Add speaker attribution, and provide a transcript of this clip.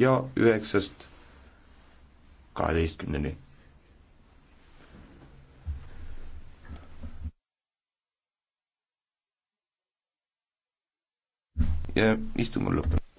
Speaker 1: ja üheksast kaheteistkümneni.
Speaker 2: ja istung on lõppenud.